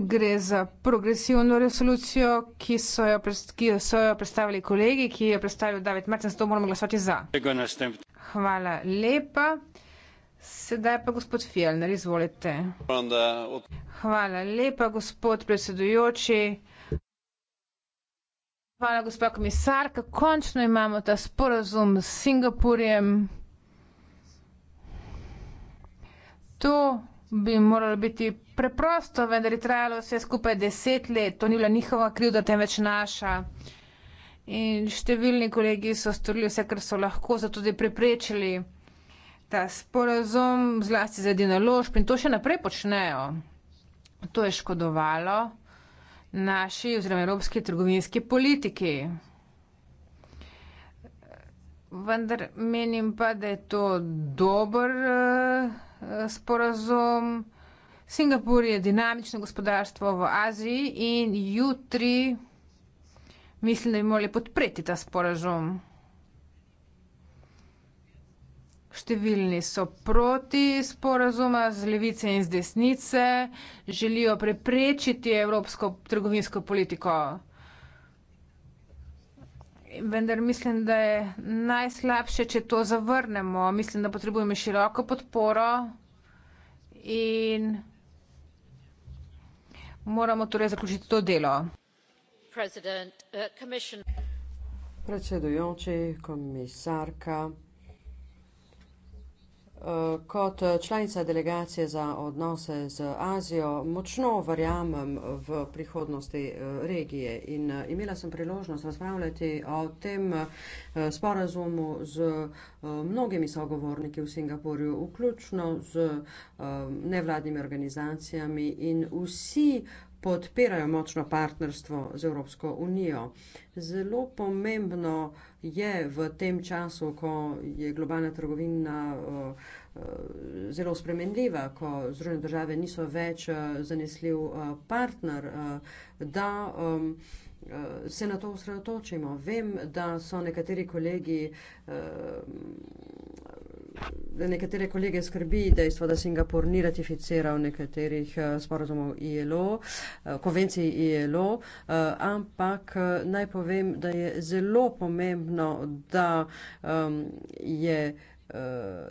gre za progresivno resolucijo, ki so jo, ki so jo predstavili kolegi, ki jo predstavil David Martin, zato moramo glasovati za. Hvala lepa. Sedaj pa gospod Fjellner, izvolite. Hvala lepa, gospod predsedujoči. Hvala, gospod komisarka. Končno imamo ta sporazum s Singapurjem. To bi moralo biti preprosto, vendar je trajalo vse skupaj deset let. To ni bila njihova krivda, temveč naša. In številni kolegi so storili vse, kar so lahko, zato tudi preprečili ta sporazum, zlasti za dinaložb in to še naprej počnejo. To je škodovalo naši oziroma evropski trgovinski politiki. Vendar menim pa, da je to dober. Uh, sporazum. Singapur je dinamično gospodarstvo v Aziji in jutri mislim, da bi morali podpreti ta sporazum. Številni so proti sporazuma z levice in z desnice, želijo preprečiti evropsko trgovinsko politiko vendar mislim, da je najslabše, če to zavrnemo. Mislim, da potrebujemo široko podporo in moramo torej zaključiti to delo. Uh, Predsedujoči, komisarka. Kot članica delegacije za odnose z Azijo močno verjamem v prihodnosti eh, regije in eh, imela sem priložnost razpravljati o tem eh, sporazumu z mnogimi sogovorniki v Singapurju, vključno z nevladnimi organizacijami in vsi podpirajo močno partnerstvo z Evropsko unijo. Zelo pomembno je v tem času, ko je globalna trgovina eh, eh, zelo spremenljiva, ko Združene države niso več eh, zanesljiv partner, da se na to osredotočimo. Vem, da so nekateri kolegi da nekatere kolege skrbi dejstvo, da Singapur ni ratificiral nekaterih eh, sporozumov ILO, eh, konvencij ILO, eh, ampak naj povem, da je zelo pomembno, da ehm, je. Eh,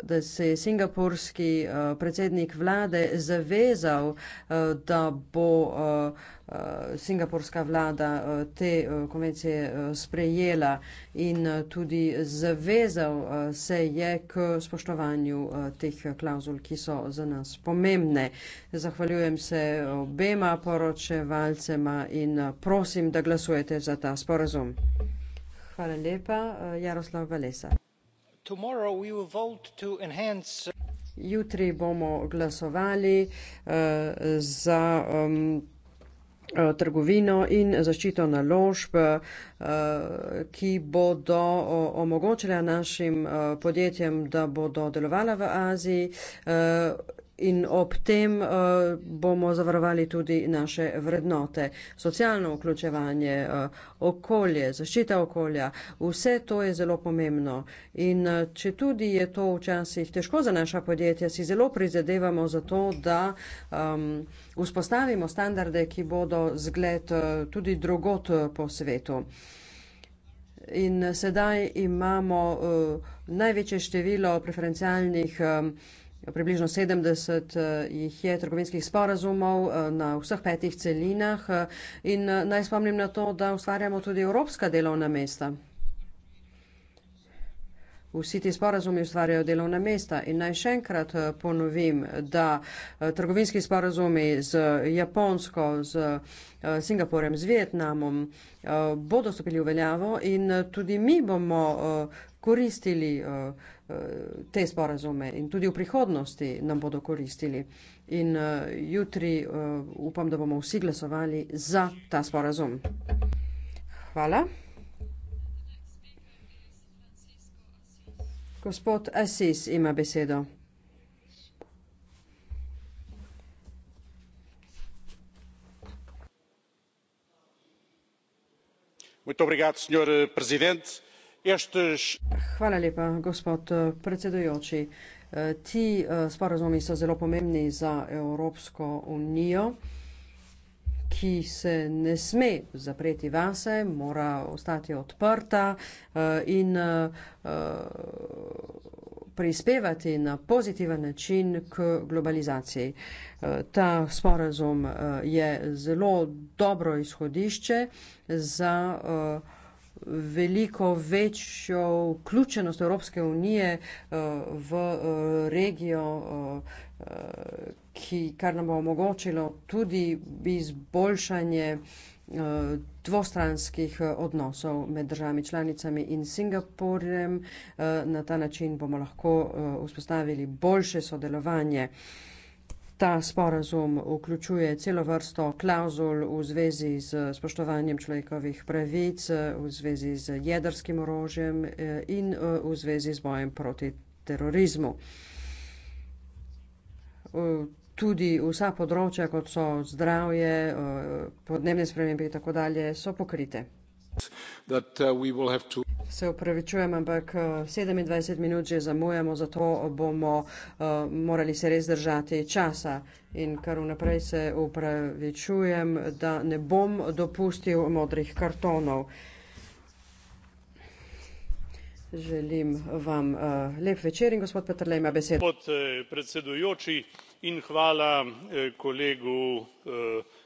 da se je singapurski eh, predsednik vlade zavezal, eh, da bo singapurska vlada te konvencije sprejela in tudi zavezal se je k spoštovanju teh klauzul, ki so za nas pomembne. Zahvaljujem se obema poročevalcema in prosim, da glasujete za ta sporazum. Hvala lepa, Jaroslav Valesa. Uh, Jutri bomo glasovali uh, za um, uh, trgovino in zaščito naložb, ki bodo omogočila našim podjetjem, da bodo delovala v Aziji in ob tem uh, bomo zavarovali tudi naše vrednote. Socialno vključevanje, uh, okolje, zaščita okolja, vse to je zelo pomembno. In uh, če tudi je to včasih težko za naša podjetja, si zelo prizadevamo za to, da um, vzpostavimo standarde, ki bodo zgled uh, tudi drugot po svetu. In sedaj imamo uh, največje število preferencialnih um, Ja, približno 70 eh, jih je trgovinskih sporazumov eh, na vseh petih celinah eh, in naj spomnim na to, da ustvarjamo tudi evropska delovna mesta. Vsi ti sporazumi ustvarjajo delovna mesta in naj še enkrat ponovim, da trgovinski sporazumi z Japonsko, z Singapurem, z Vietnamom bodo stopili v veljavo in tudi mi bomo koristili Eh, te sporazume in tudi v prihodnosti nam bodo koristili. In eh, jutri eh, upam, da bomo vsi glasovali za ta sporazum. Hvala. Gospod Assis ima besedo. Muito obrigado, Sr. Presidente. Hvala lepa, gospod predsedujoči. E, ti e, sporazumi so zelo pomembni za Evropsko unijo, ki se ne sme zapreti vase, mora ostati odprta e, in prispevati na pozitiven način k globalizaciji. Ta sporazum je zelo dobro izhodišče za veliko večjo vključenost Evropske unije eh, v eh, regijo, eh, ki, kar nam bo omogočilo tudi izboljšanje dvostranskih odnosov med državami članicami in Singapurjem. Na ta način bomo lahko vzpostavili boljše sodelovanje. Ta sporazum vključuje celo vrsto klauzul v zvezi z spoštovanjem človekovih pravic, v zvezi z jedrskim orožjem eh, in eh, v zvezi z bojem proti terorizmu. Tudi vsa področja, kot so zdravje, eh, podnebne spremembe in tako dalje, so pokrite. Se upravičujem, ampak 27 eh, minut že zamujamo, zato bomo uh, morali se res držati časa. In kar vnaprej se upravičujem, da ne bom dopustil modrih kartonov. Želim vam uh, lep večer in gospod Petrlej ima besedo. Gospod predsedujoči in hvala kolegu uh,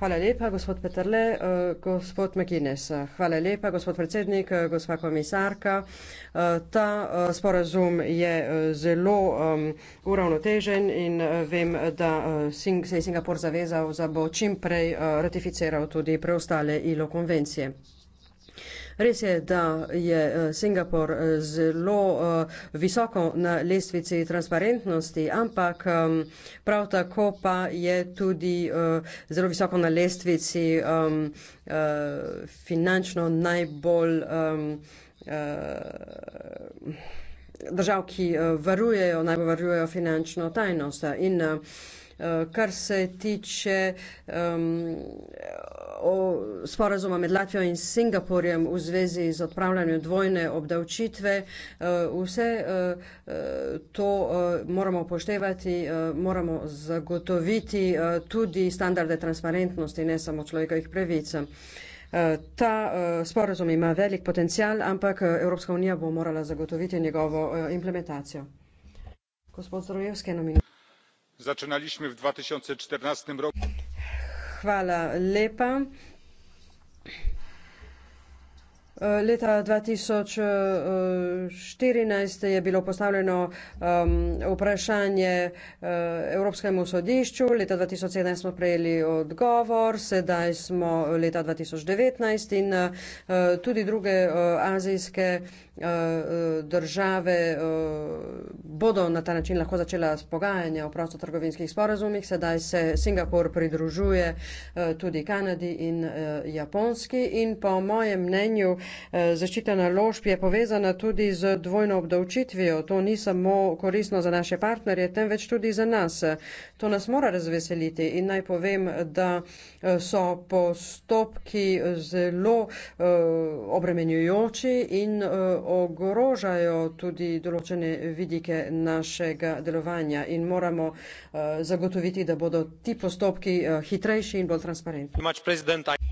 Hvala lepa, gospod Petrle. Eh, gospod McGuinness, hvala lepa, gospod predsednik, eh, gospa komisarka. Eh, ta sporazum je zelo uravnotežen in vem, da se je Singapur zavezal, da bo čim prej ratificiral tudi preostale ILO konvencije. Res je, da je eh, Singapur eh, zelo eh, visoko na lestvici transparentnosti, ampak prav tako pa je tudi zelo visoko na lestvici finančno najbolj držav, ki varujejo, najbolj varujejo finančno tajnost. In kar se tiče sporazuma med Latvijo in Singapurjem v zvezi z odpravljanjem dvojne obdavčitve. Eh, vse eh, eh, to moramo poštevati, moramo zagotoviti tudi standarde transparentnosti, ne samo človekovih pravic. Ta sporazum ima velik potencial, ampak Evropska unija bo morala zagotoviti njegovo implementacijo. Gospod Zdrojevski, na minuto. Zaczynaliśmy w 2014 roku hvala lepa. Leta 2014 je bilo postavljeno um, vprašanje uh, Evropskemu sodišču, leta 2017 smo prejeli odgovor, sedaj smo leta 2019 in uh, tudi druge uh, azijske uh, Eh, države eh, bodo na ta način lahko začela s pogajanja o prostotrgovinskih sporazumih. Sedaj se Singapur pridružuje eh, tudi Kanadi in Japonski in po mojem mnenju zaščita naložb je povezana tudi z dvojno obdavčitvijo. To ni samo korisno za naše partnerje, temveč tudi za nas. To nas mora razveseliti in naj povem, da so postopki zelo obremenjujoči in ogrožajo tudi določene vidike našega delovanja in moramo eh, zagotoviti, da bodo ti postopki eh, hitrejši in bolj transparentni.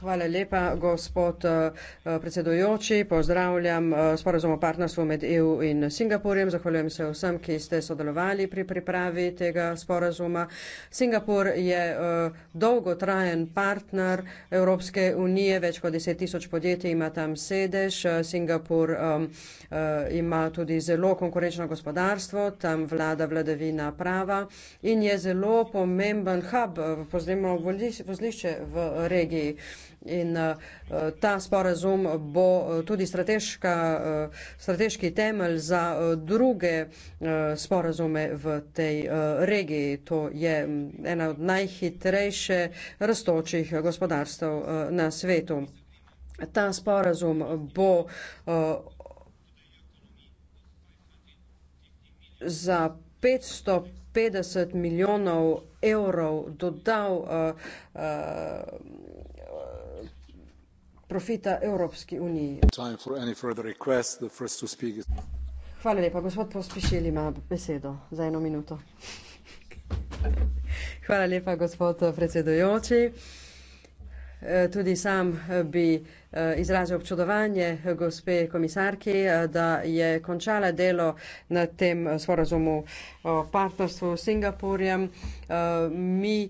Hvala lepa, gospod uh, predsedujoči. Pozdravljam uh, sporozum o partnerstvu med EU in Singapurjem. Zahvaljujem se vsem, ki ste sodelovali pri pripravi tega sporozuma. Singapur je uh, dolgotrajen partner Evropske unije, več kot 10 tisoč podjetij ima tam sedež. Singapur um, uh, ima tudi zelo konkurenčno gospodarstvo, tam vlada vladavina prava in je zelo pomemben hub, uh, pozdravljamo vozlišče v regiji. In eh, ta sporazum bo eh, tudi eh, strateški temelj za druge sporazume v tej regiji. To je mm, ena od najhitrejše rastočih gospodarstv na svetu. Ta sporazum bo za 550 milijonov evrov dodal uh, uh, profita Evropski uniji. Hvala lepa. Gospod Pospišil ima besedo za eno minuto. Hvala lepa, gospod predsedujoči. Eh, tudi sam eh, bi Eh, izrazil občudovanje gospe komisarki, eh, da je končala delo na tem eh, sporazumu o partnerstvu s Singapurjem. Mi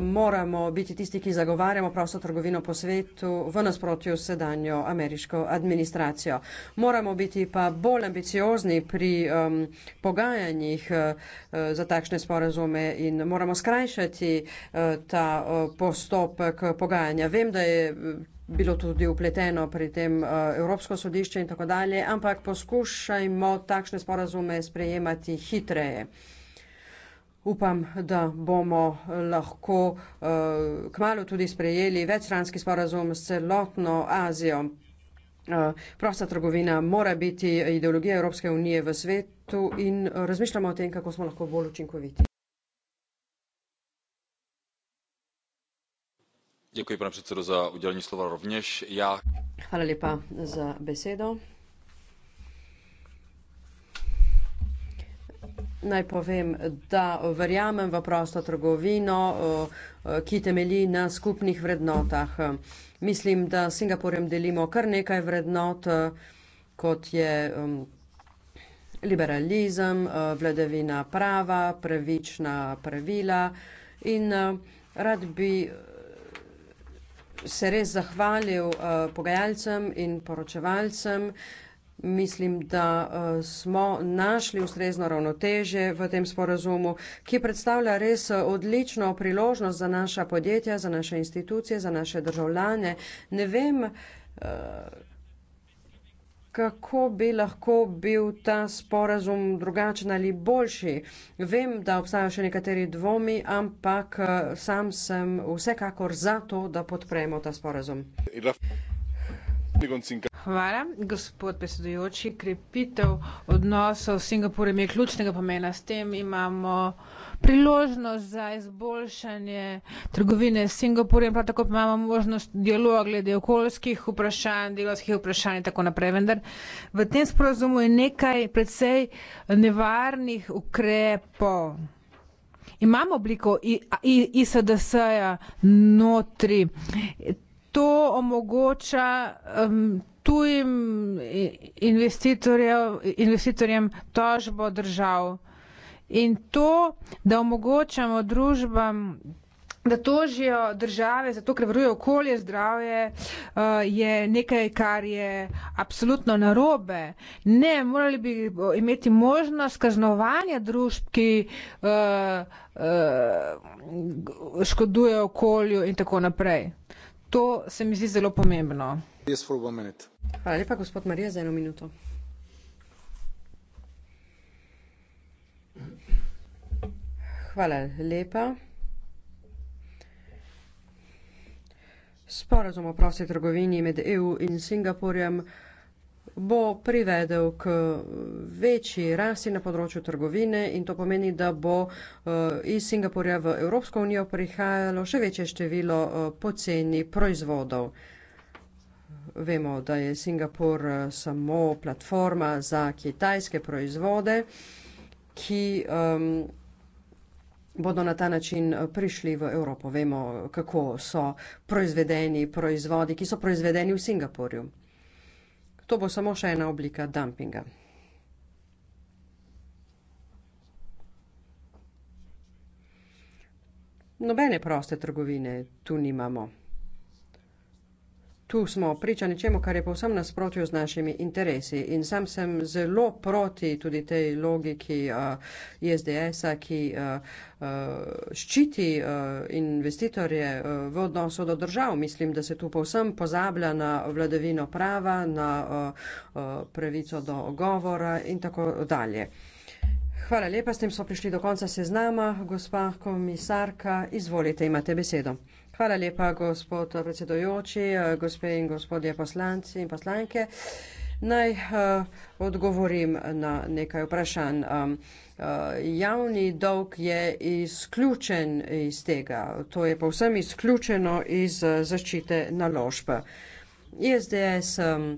moramo biti tisti, ki zagovarjamo prosto trgovino po svetu v nasprotju s sedanjo ameriško administracijo. Moramo biti pa bolj ambiciozni pri um, pogajanjih uh, za takšne sporazume in moramo skrajšati uh, ta uh, postopek pogajanja. Vem, da je bilo tudi upleteno pri tem eh, Evropsko sodišče in tako dalje, ampak poskušajmo takšne sporazume sprejemati hitreje. Upam, da bomo lahko eh, kmalo tudi sprejeli večstranski sporazum s celotno Azijo. Eh, prosta trgovina mora biti ideologija Evropske unije v svetu in razmišljamo o tem, kako smo lahko bolj učinkoviti. pane predsedujoči naj povem da verjamem v prosto trgovino ki temelji na skupnih vrednotah. mislim da s singapurjem delimo kar nekaj vrednot kot je um, liberalizem vladavina prava pravična pravila in rad bi se res zahvalil uh, pogajalcem in poročevalcem. Mislim, da uh, smo našli ustrezno ravnoteže v tem sporazumu, ki predstavlja res eh, odlično priložnost za naša podjetja, za naše institucije, za naše državljane. Ne vem, uh, kako bi lahko bil ta sporazum drugačen ali boljši. Vem, da obstajajo še nekateri dvomi, ampak eh, sam sem vsekakor za to, da podpremo ta sporazum. Hvala, gospod predsedujoči. Krepitev odnosov s Singapurjem je ključnega pomena. S tem imamo priložnost za izboljšanje trgovine s Singapurjem, prav tako pa imamo možnost dialoga glede okoljskih vprašanj, delavskih vprašanj in tako naprej, vendar v tem sporazumu je nekaj precej nevarnih ukrepov. Imamo obliko ISDS-ja notri to omogoča um, tujim investitorjem tožbo držav. In to, da omogočamo družbam, da tožijo države, zato ker varujejo okolje, zdravje, eh, je nekaj, kar je absolutno narobe. Ne, morali bi imeti možnost kaznovanja družb, ki eh, eh, škodujejo okolju in tako naprej. To se mi zdi zelo pomembno. Hvala lepa, gospod Marija, za eno minuto. Hvala lepa. Sporazum o prosti trgovini med EU in Singapurjem bo privedel k večji rasti na področju trgovine in to pomeni, da bo eh, iz Singapurja v Evropsko unijo prihajalo še večje število eh, poceni proizvodov. Vemo, da je Singapur eh, samo platforma za kitajske proizvode, ki um, bodo na ta način prišli v Evropo. Vemo, kako so proizvedeni proizvodi, ki so proizvedeni v Singapurju. To bo samo še ena oblika dumpinga. Nobene proste trgovine tu nimamo tu smo priča nečemu, kar je povsem nasprotju z našimi interesi. In sam sem zelo proti tudi tej logiki uh, ISDS-a, ki uh, uh, ščiti uh, investitorje uh, v odnosu do držav. Mislim, da se tu povsem pozablja na vladavino prava, na uh, uh, pravico do govora in tako dalje. Hvala lepa, s tem smo prišli do konca seznama. Gospa komisarka, izvolite, imate besedo. Hvala lepa, gospod predsedojoči, gospe in gospodje poslanci in poslanke. Naj uh, odgovorim na nekaj vprašanj. Um, uh, javni dolg je izključen iz tega, to je povsem izključeno iz uh, zaščite naložb. ISDS um,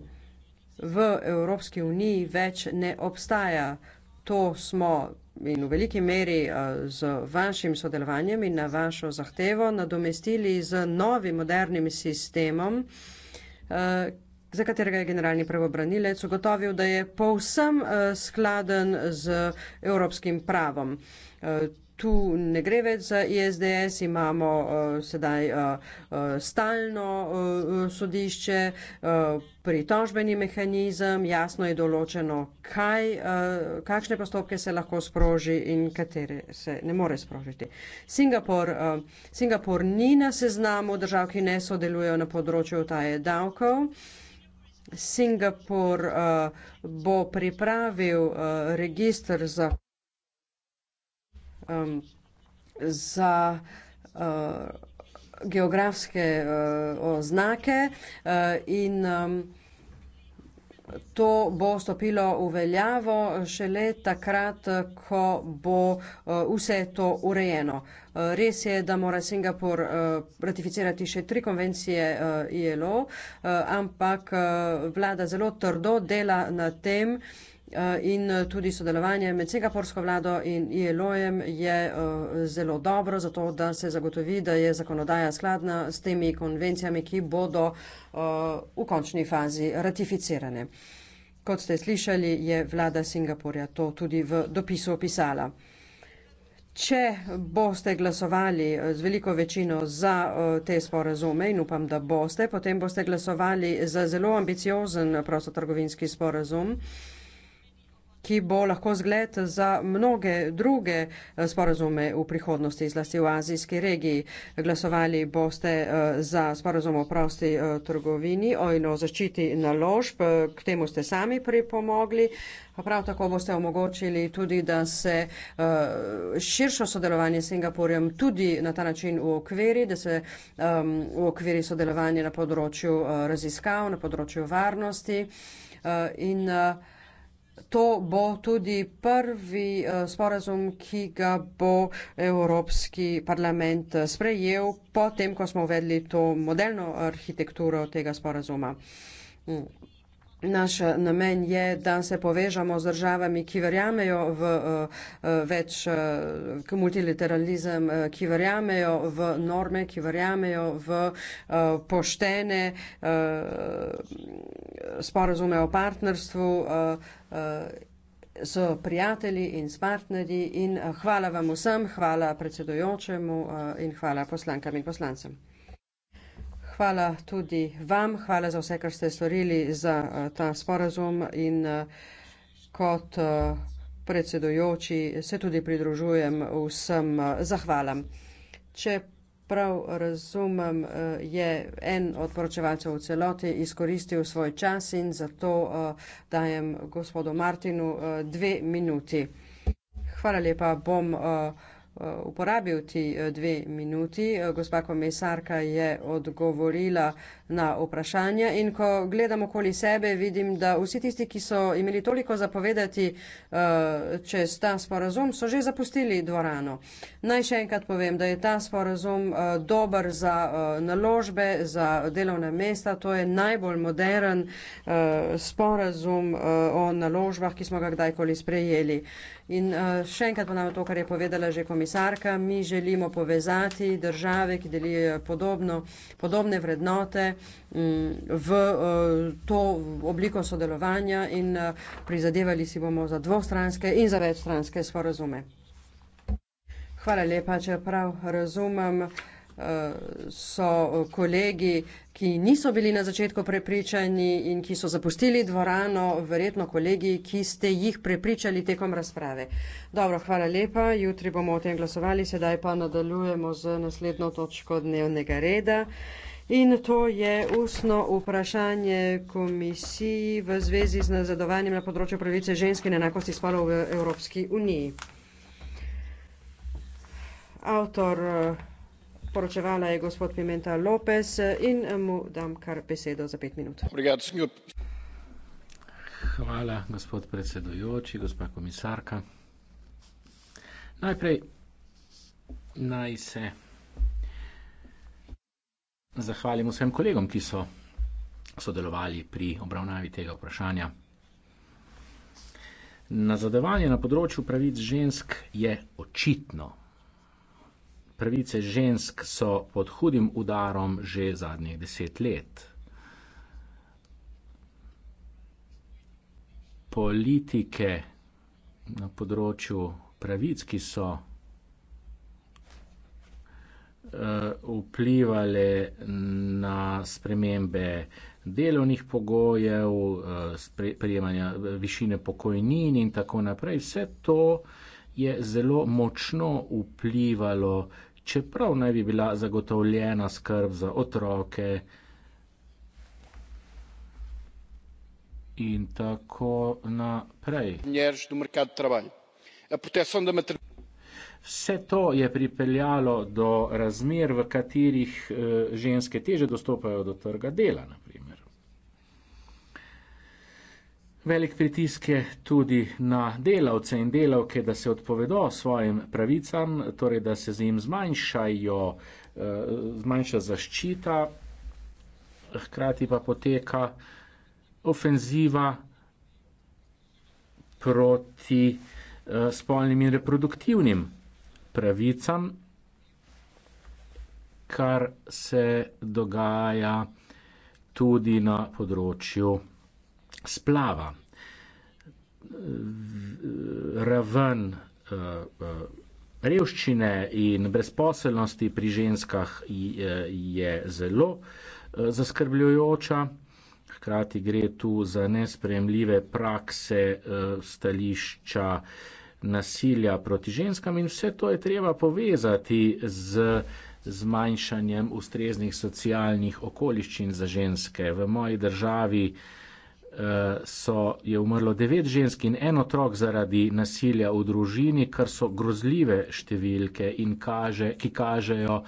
v Evropski uniji več ne obstaja. To smo in v veliki meri z vašim sodelovanjem in na vašo zahtevo nadomestili z novim modernim sistemom, za katerega je generalni pravobranilec ugotovil, da je povsem skladen z evropskim pravom tu ne gre več za ISDS, imamo uh, sedaj uh, uh, stalno uh, sodišče, uh, pritožbeni mehanizem, jasno je določeno, kaj, uh, kakšne postopke se lahko sproži in katere se ne more sprožiti. Singapur, uh, Singapur ni na seznamu držav, ki ne sodelujo na področju taje davkov. Singapur uh, bo pripravil uh, registr za um, za uh, geografske uh, oznake uh, in um, To bo stopilo v veljavo šele takrat, ko bo vse to urejeno. Res je, da mora Singapur ratificirati še tri konvencije ILO, ampak vlada zelo trdo dela na tem, Eh, in eh, tudi sodelovanje med Singapursko vlado in ILO-jem je eh, zelo dobro, zato da se zagotovi, da je zakonodaja skladna s temi konvencijami, ki bodo v končni fazi ratificirane. Kot ste slišali, je vlada Singapurja to tudi v dopisu opisala. Če boste glasovali z veliko večino za te sporazume in upam, da boste, potem boste glasovali za zelo ambiciozen prostotrgovinski sporazum, ki bo lahko zgled za mnoge druge eh, sporozume v prihodnosti, zlasti v azijski regiji. Glasovali boste eh, za sporozum o prosti eh, trgovini, o in o zaščiti naložb, k temu ste sami pripomogli. Pa prav tako boste omogočili tudi, da se širšo sodelovanje s Singapurjem tudi na ta način v okviri, da se v ehm, okviri sodelovanje na področju raziskav, na področju varnosti in To bo tudi prvi eh, sporazum, ki ga bo Evropski parlament eh, sprejel, potem ko smo uvedli to modelno arhitekturo tega sporazuma. Mm. Naš namen je, da se povežamo z državami, ki verjamejo v eh, eh, več eh, multilateralizem, ki verjamejo v norme, ki verjamejo v poštene sporazume o partnerstvu s prijatelji in s partnerji. In hvala vam vsem, hvala predsedujočemu in hvala poslankam in poslancem. Hvala tudi vam, hvala za vse, kar ste storili za eh, ta sporazum in eh, kot eh, predsedujoči se tudi pridružujem vsem zahvalam. Če prav razumem, je en od poročevalcev v celoti izkoristil svoj čas in zato dajem gospodu Martinu dve minuti. Hvala lepa, bom. Eh, uporabil ti eh, dve minuti. Eh, gospa komisarka je odgovorila na vprašanja in ko gledam okoli sebe, vidim, da vsi tisti, ki so imeli toliko zapovedati čez ta sporazum, so že zapustili dvorano. Naj še enkrat povem, da je ta sporazum dober za naložbe, za delovne mesta. To je najbolj moderen sporazum o naložbah, ki smo ga kdajkoli sprejeli. In eh, še enkrat ponavljam to, kar je povedala že komisarka, mi želimo povezati države, ki delijo podobno, podobne vrednote mm, v eh, to obliko sodelovanja in eh, prizadevali si bomo za dvostranske in za večstranske sporozume. Hvala lepa, čeprav razumem so eh, kolegi, ki niso bili na začetku prepričani in ki so zapustili dvorano, verjetno kolegi, ki ste jih prepričali tekom razprave. Dobro, hvala lepa, jutri bomo o tem glasovali, sedaj pa nadaljujemo z naslednjo točko dnevnega reda. In to je ustno vprašanje komisiji v zvezi z nazadovanjem na področju pravice ženske in enakosti spolov v Evropski uniji. Autor eh, poročevala je gospod Pimenta Lopez in mu dam kar besedo za pet minut. Hvala, gospod predsedujoči, gospa komisarka. Najprej naj se zahvalim vsem kolegom, ki so sodelovali pri obravnavi tega vprašanja. Nazadovanje na področju pravic žensk je očitno pravice žensk so pod hudim udarom že zadnjih deset let. Politike na področju pravic, ki so eh, vplivali na spremembe delovnih pogojev, eh, prijemanja eh, višine pokojnin in tako naprej. Vse to je zelo močno vplivalo čeprav naj bi bila zagotovljena skrb za otroke. In tako naprej. Vse to je pripeljalo do razmer, v katerih eh, ženske teže dostopajo do trga dela. Velik pritisk je tudi na delavce in delavke, da se odpovedo svojim pravicam, torej da se z njim zmanjšajo, eh, zmanjša zaščita, hkrati pa poteka ofenziva proti eh, spolnim in reproduktivnim pravicam, kar se dogaja tudi na področju splava, raven eh, eh, revščine in brezposelnosti pri ženskah je zelo eh, zaskrbljujoča. Hkrati gre tu za nespremljive prakse stališča nasilja proti ženskam in vse to je treba povezati z zmanjšanjem ustreznih socialnih okoliščin za ženske. V moji državi so, je umrlo devet žensk in en otrok zaradi nasilja v družini, kar so grozljive številke in kaže, ki kažejo,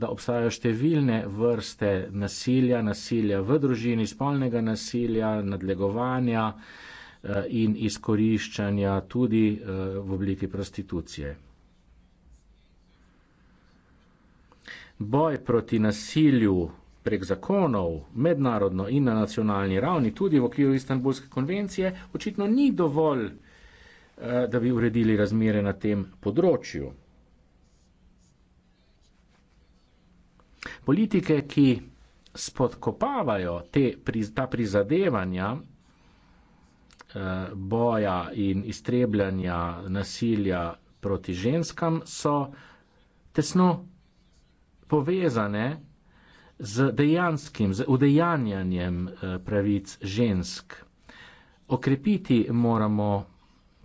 da obstajajo številne vrste nasilja, nasilja v družini, spolnega nasilja, nadlegovanja eh, in izkoriščanja tudi eh, v obliki prostitucije. Boj proti nasilju prek zakonov, mednarodno in na nacionalni ravni, tudi v okviru Istanbulske konvencije, očitno ni dovolj, eh, da bi uredili razmere na tem področju. Politike, ki spodkopavajo te, ta prizadevanja eh, boja in iztrebljanja nasilja proti ženskam, so tesno povezane z dejanskim, z udejanjanjem eh, pravic žensk. Okrepiti moramo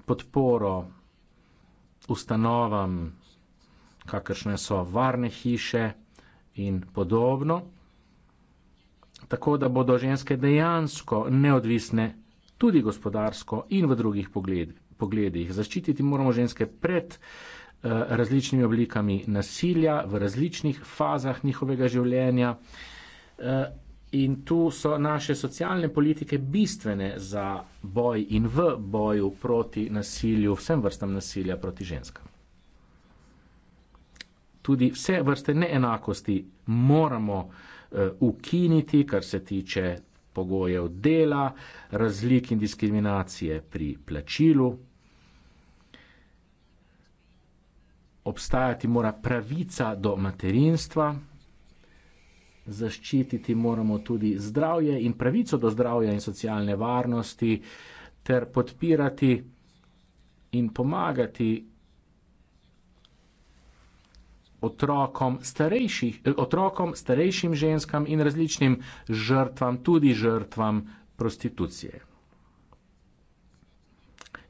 podporo ustanovam, kakršne so varne hiše in podobno, tako da bodo ženske dejansko neodvisne tudi gospodarsko in v drugih pogledih. Zaščititi moramo ženske pred uh, Eh, različnimi oblikami nasilja v različnih fazah njihovega življenja. Eh, in tu so naše socialne politike bistvene za boj in v boju proti nasilju, vsem vrstam nasilja proti ženskam. Tudi vse vrste neenakosti moramo eh, ukiniti, kar se tiče pogojev dela, razlik in diskriminacije pri plačilu, obstajati mora pravica do materinstva, zaščititi moramo tudi zdravje in pravico do zdravja in socialne varnosti, ter podpirati in pomagati otrokom, starejši, eh, otrokom starejšim ženskam in različnim žrtvam, tudi žrtvam prostitucije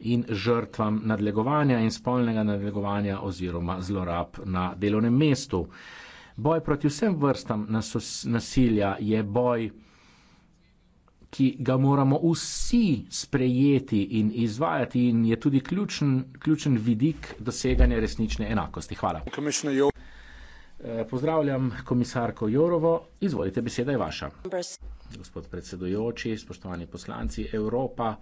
in žrtvam nadlegovanja in spolnega nadlegovanja oziroma zlorab na delovnem mestu. Boj proti vsem vrstam nasilja je boj, ki ga moramo vsi sprejeti in izvajati in je tudi ključen, ključen vidik doseganja resnične enakosti. Hvala. Eh, pozdravljam komisarko Jorovo, izvolite, beseda je vaša. Gospod predsedujoči, spoštovani poslanci, Evropa.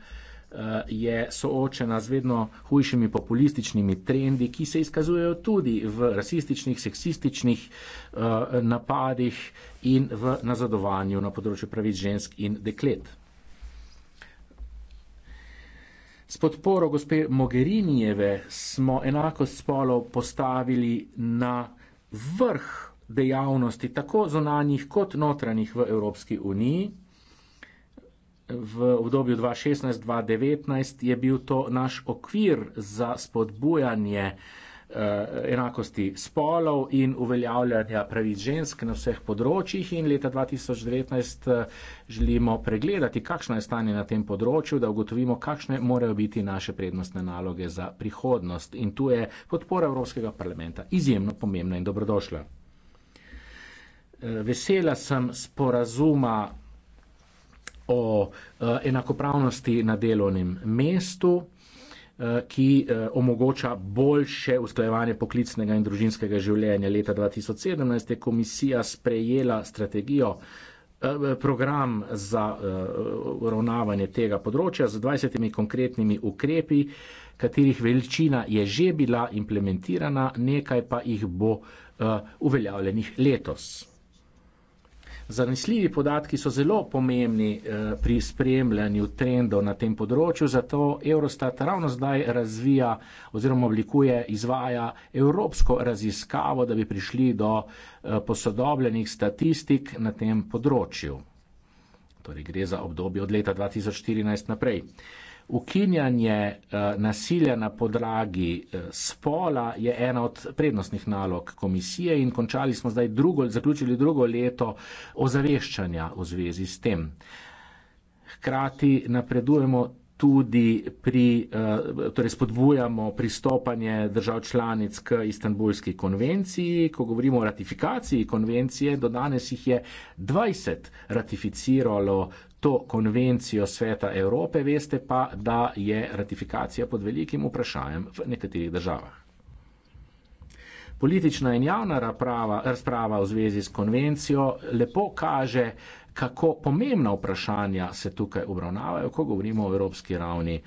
Eh, je soočena z vedno hujšimi populističnimi trendi, ki se izkazujejo tudi v rasističnih, seksističnih eh, napadih in v nazadovanju na področju pravic žensk in deklet. S podporo gospe Mogherinijeve smo enakost spolov postavili na vrh dejavnosti tako zonanjih kot notranjih v Evropski uniji v obdobju 2016-2019 je bil to naš okvir za spodbujanje eh, enakosti spolov in uveljavljanja pravic žensk na vseh področjih in leta 2019 eh, želimo pregledati, kakšno je stanje na tem področju, da ugotovimo, kakšne morajo biti naše prednostne naloge za prihodnost. In tu je podpora Evropskega parlamenta izjemno pomembna in dobrodošla. Eh, vesela sem sporazuma o uh, enakopravnosti na delovnem mestu, uh, ki uh, omogoča boljše usklajevanje poklicnega in družinskega življenja. Leta 2017 je komisija sprejela strategijo, uh, program za uh, uravnavanje tega področja z 20 konkretnimi ukrepi, katerih velikina je že bila implementirana, nekaj pa jih bo uh, uveljavljenih letos. Zanesljivi podatki so zelo pomembni eh, pri spremljanju trendov na tem področju, zato Eurostat ravno zdaj razvija oziroma oblikuje, izvaja evropsko raziskavo, da bi prišli do eh, posodobljenih statistik na tem področju. Torej gre za obdobje od leta 2014 naprej ukinjanje eh, nasilja na podlagi eh, spola je ena od prednostnih nalog komisije in končali smo zdaj drugo, zaključili drugo leto ozaveščanja v zvezi s tem. Hkrati napredujemo tudi pri, eh, torej spodbujamo pristopanje držav članic k Istanbulski konvenciji. Ko govorimo o ratifikaciji konvencije, do danes jih je 20 ratificiralo to konvencijo Sveta Evrope, veste pa, da je ratifikacija pod velikim vprašanjem v nekaterih državah. Politična in javna razprava, razprava v zvezi s konvencijo lepo kaže, kako pomembna vprašanja se tukaj obravnavajo, ko govorimo o evropski ravni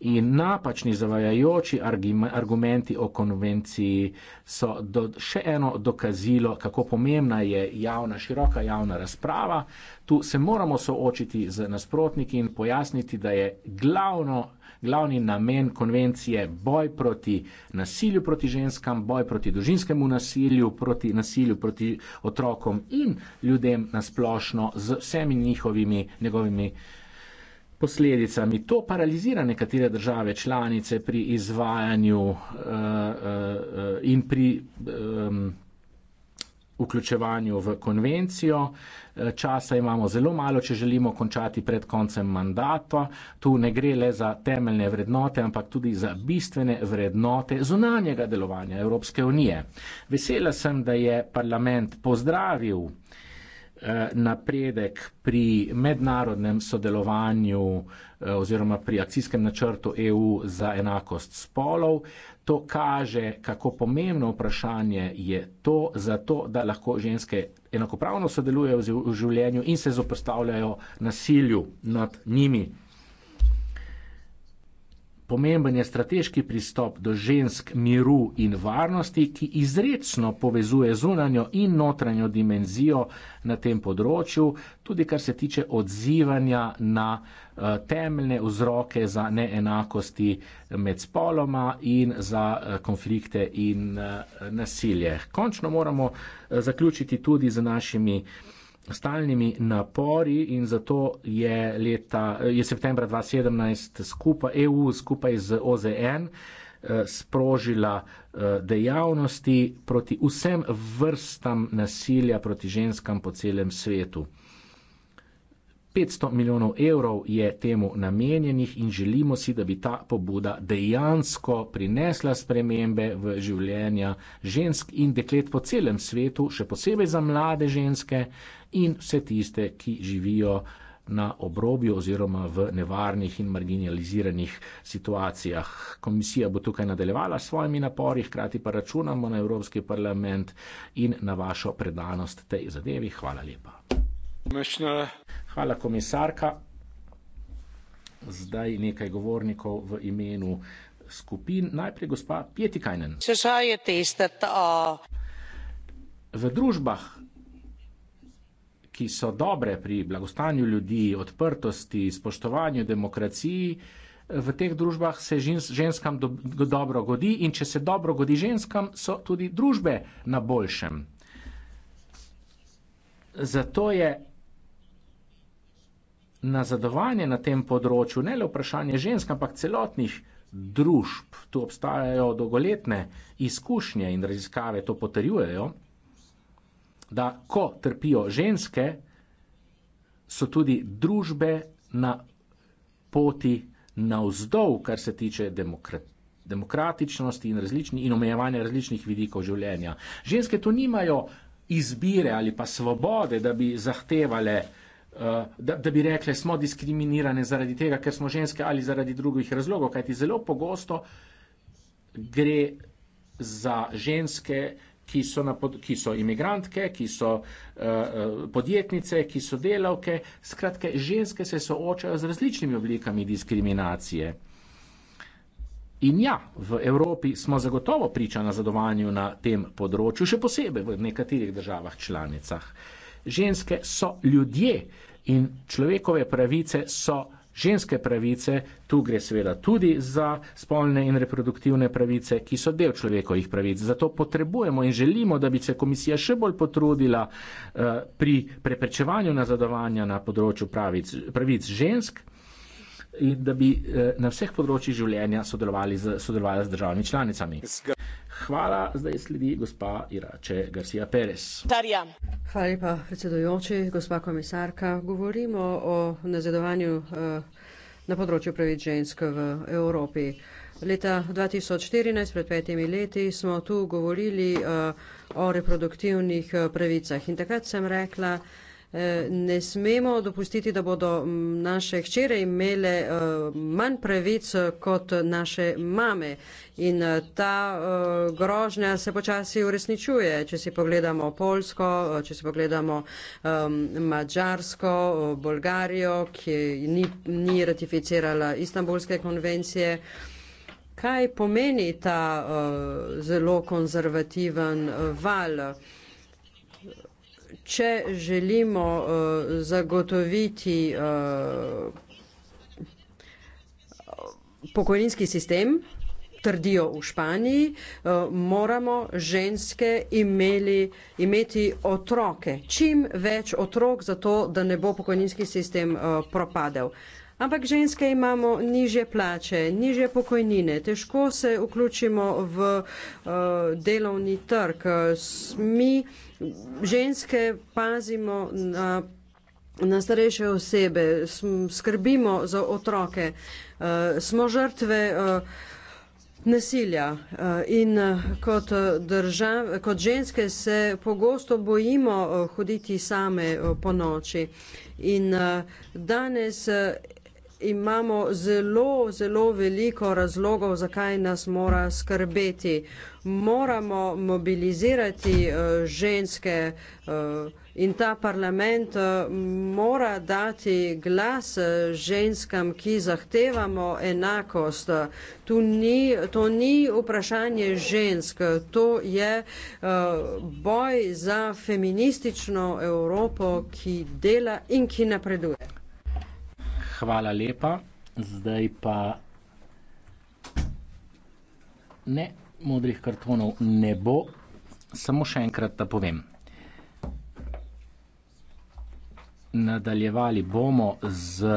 in napačni zavajajoči argumenti o konvenciji so do, še eno dokazilo, kako pomembna je javna, široka javna razprava. Tu se moramo soočiti z nasprotniki in pojasniti, da je glavno, glavni namen konvencije boj proti nasilju proti ženskam, boj proti družinskemu nasilju, proti nasilju proti otrokom in ljudem nasplošno z vsemi njihovimi njegovimi posledicami. To paralizira nekatere države članice pri izvajanju uh, uh, in pri. Um, vključevanju v konvencijo. Eh, časa imamo zelo malo, če želimo končati pred koncem mandata. Tu ne gre le za temeljne vrednote, ampak tudi za bistvene vrednote zunanjega delovanja Evropske unije. Vesela sem, da je parlament pozdravil uh, Eh, napredek pri mednarodnem sodelovanju eh, oziroma pri akcijskem načrtu EU za enakost spolov. To kaže, kako pomembno vprašanje je to, zato, da lahko ženske enakopravno sodelujejo v življenju in se zoprstavljajo nasilju nad njimi pomemben je strateški pristop do žensk, miru in varnosti, ki izredno povezuje zunanjo in notranjo dimenzijo na tem področju, tudi kar se tiče odzivanja na eh, temeljne vzroke za neenakosti med spoloma in za eh, konflikte in eh, nasilje. Končno moramo zaključiti tudi z našimi stalnimi napori in zato je, leta, je septembra 2017 skupaj EU skupaj z OZN eh, sprožila eh, dejavnosti proti vsem vrstam nasilja proti ženskam po celem svetu. 500 milijonov evrov je temu namenjenih in želimo si, da bi ta pobuda dejansko prinesla spremembe v življenja žensk in deklet po celem svetu, še posebej za mlade ženske in vse tiste, ki živijo na obrobju oziroma v nevarnih in marginaliziranih situacijah. Komisija bo tukaj nadaljevala s svojimi napori, hkrati pa računamo na Evropski parlament in na vašo predanost tej zadevi. Hvala lepa. Hvala komisarka. Zdaj nekaj govornikov v imenu skupin. Najprej gospa Pietikajnen. V družbah, ki so dobre pri blagostanju ljudi, odprtosti, spoštovanju demokraciji, v teh družbah se ženskam dobro godi in če se dobro godi ženskam, so tudi družbe na boljšem. Zato je nazadovanje na tem področju, ne le vprašanje žensk, ampak celotnih družb. Tu obstajajo dolgoletne izkušnje in raziskave to potrjujejo, da ko trpijo ženske, so tudi družbe na poti navzdol, kar se tiče demokracije demokratičnosti in, različni, in omejevanja različnih vidikov življenja. Ženske tu nimajo izbire ali pa svobode, da bi zahtevale uh, Eh, da, da bi rekli, smo diskriminirane zaradi tega, ker smo ženske ali zaradi drugih razlogov, kajti zelo pogosto gre za ženske, ki so, na, ki so imigrantke, ki so uh, podjetnice, ki so delavke. Skratke, ženske se soočajo z različnimi oblikami diskriminacije. In ja, v Evropi smo zagotovo priča na zadovanju na tem področju, še posebej v nekaterih državah članicah. Uh, ženske so ljudje in človekove pravice so ženske pravice, tu gre seveda tudi za spolne in reproduktivne pravice, ki so del človekovih pravic. Zato potrebujemo in želimo, da bi se komisija še bolj potrudila uh, pri preprečevanju nazadovanja na področju pravic, pravic žensk in da bi uh, na vseh področjih življenja sodelovali z, sodelovali z državami članicami. Zgr Hvala, zdaj sledi gospa Irače Garcia Perez. Hvala lepa, predsedujoči, gospa komisarka. Govorimo o nazadovanju eh, na področju pravic žensk v Evropi. Leta 2014, pred petimi leti, smo tu govorili uh, o reproduktivnih uh, pravicah. In takrat sem rekla, Eh, ne smemo dopustiti, da bodo mm, naše hčere imele eh, manj pravic eh, kot naše mame. In ta grožnja se počasi uresničuje. Če si pogledamo Polsko, če si pogledamo Mačarsko, Bolgarijo, ki ni, ni ratificirala istambulske konvencije. Kaj pomeni ta uh, zelo konzervativen val? Uh, če želimo uh, zagotoviti uh, pokojninski sistem, trdijo v Španiji, eh, moramo ženske imeli, imeti otroke. Čim več otrok, zato da ne bo pokojninski sistem propadel. Ampak ženske imamo niže plače, niže pokojnine, težko se vključimo v delovni trg. Mi ženske pazimo na, na starejše osebe, skrbimo za otroke, eh, smo žrtve eh, nasilja eh, in kot, držav, kot ženske se pogosto bojimo hoditi same po noči. In danes imamo zelo, zelo veliko razlogov, zakaj nas mora skrbeti. Moramo mobilizirati uh, ženske uh, in ta parlament uh, mora dati glas uh, ženskam, ki zahtevamo enakost. Uh, ni, to ni vprašanje žensk, to je uh, boj za feministično Evropo, ki dela in ki napreduje hvala lepa. Zdaj pa ne modrih kartonov ne bo, samo še enkrat da povem. Nadaljevali bomo z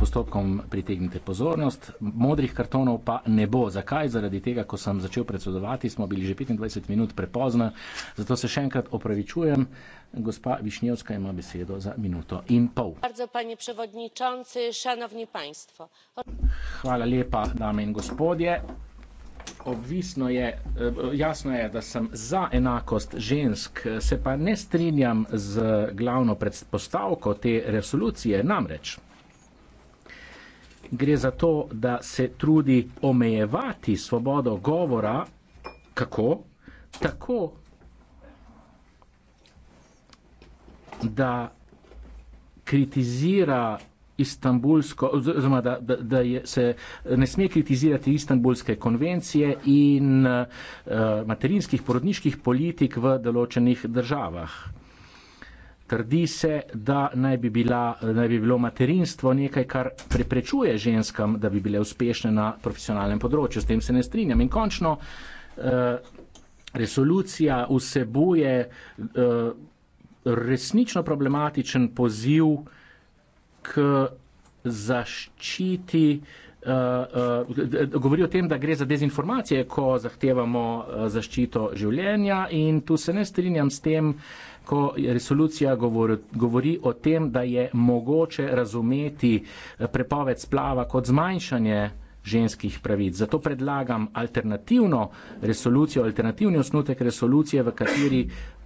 postopkom pritegnite pozornost, modrih kartonov pa ne bo. Zakaj? Zaradi tega, ko sem začel predsedovati, smo bili že 25 minut prepozna, zato se še enkrat opravičujem. Uh, Gospa Wiśniewska ima besedo za minuto in pol. Bardzo panie przewodniczący, szanowni państwo. Hvala lepa, dame in gospodje. Obvisno je, e, jasno je, da sem za enakost žensk, se pa ne strinjam z glavno predpostavko te resolucije, namreč gre za to, da se trudi omejevati svobodo govora, kako? Tako, da kritizira istambulsko, oziroma da, da, da je, se ne sme kritizirati istambulske konvencije in uh, materinskih porodniških politik v določenih državah. Trdi se, da naj bi, bila, naj bi bilo materinstvo nekaj, kar preprečuje ženskam, da bi bile uspešne na profesionalnem področju. S tem se ne strinjam. In končno, uh, resolucija vsebuje uh, resnično problematičen poziv k zaščiti. Uh, uh, govori o tem, da gre za dezinformacije, ko zahtevamo uh, zaščito življenja in tu se ne strinjam s tem, ko resolucija govori, govori o tem, da je mogoče razumeti prepoved splava kot zmanjšanje ženskih pravic. Zato predlagam alternativno resolucijo, alternativni osnutek resolucije, v kateri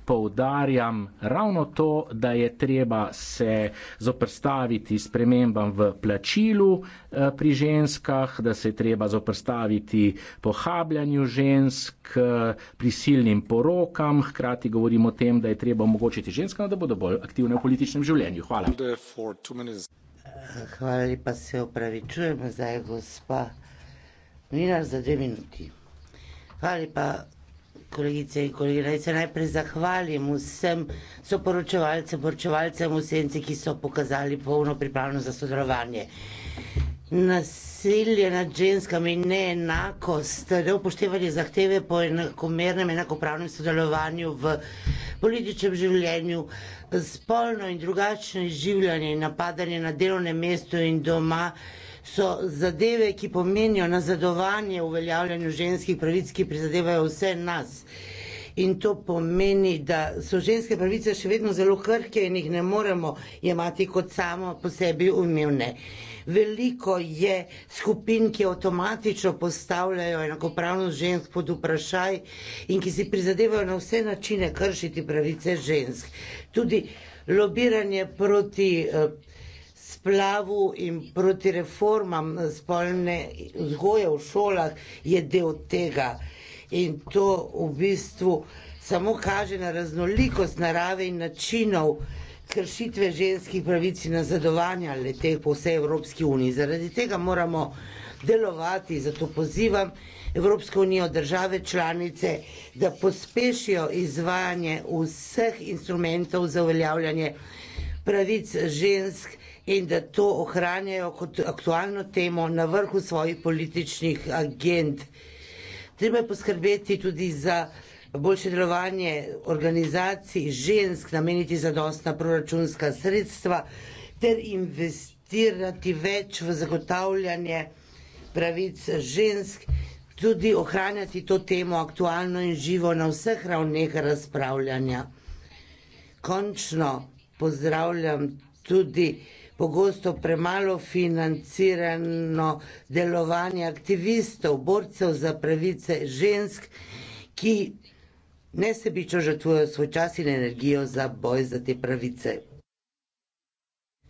poudarjam ravno to, da je treba se zoprstaviti spremembam v plačilu eh, pri ženskah, da se je treba zoprstaviti pohabljanju žensk, eh, prisilnim porokam, hkrati govorim o tem, da je treba omogočiti ženskam, da bodo bolj aktivne v političnem življenju. Hvala. Hvala lepa, se opravičujem, zdaj gospa Minar za dve minuti. Hvala lepa, kolegice in kolegi, da se najprej zahvalim vsem soporočevalcem, poročevalcem v senci, ki so pokazali polno pripravljenost za sodelovanje. Nasilje nad ženskami, neenakost, neupoštevanje zahteve po enakomernem, enakopravnem sodelovanju v političnem življenju, spolno in drugačno izživljanje in napadanje na delovnem mestu in doma so zadeve, ki pomenijo nazadovanje v uveljavljanju ženskih pravic, ki prizadevajo vse nas. In to pomeni, da so ženske pravice še vedno zelo krhke in jih ne moremo jemati kot samo po sebi umevne. Veliko je skupin, ki avtomatično postavljajo enakopravnost žensk pod vprašaj in ki si prizadevajo na vse načine kršiti pravice žensk. Tudi lobiranje proti eh, splavu in proti reformam spolne vzgoje v šolah je del tega. In to v bistvu samo kaže na raznolikost narave in načinov kršitve ženskih pravic in nazadovanja leteh po vsej Evropski uniji. Zaradi tega moramo delovati, zato pozivam Evropsko unijo države članice, da pospešijo izvajanje vseh instrumentov za uveljavljanje pravic žensk in da to ohranjajo kot aktualno temo na vrhu svojih političnih agent. Treba je poskrbeti tudi za boljše delovanje organizacij žensk, nameniti zadostna proračunska sredstva ter investirati več v zagotavljanje pravic žensk, tudi ohranjati to temo aktualno in živo na vseh ravneh razpravljanja. Končno pozdravljam tudi pogosto premalo financirano delovanje aktivistov, borcev za pravice žensk, ki nesebično žrtvujejo svoj čas in energijo za boj za te pravice.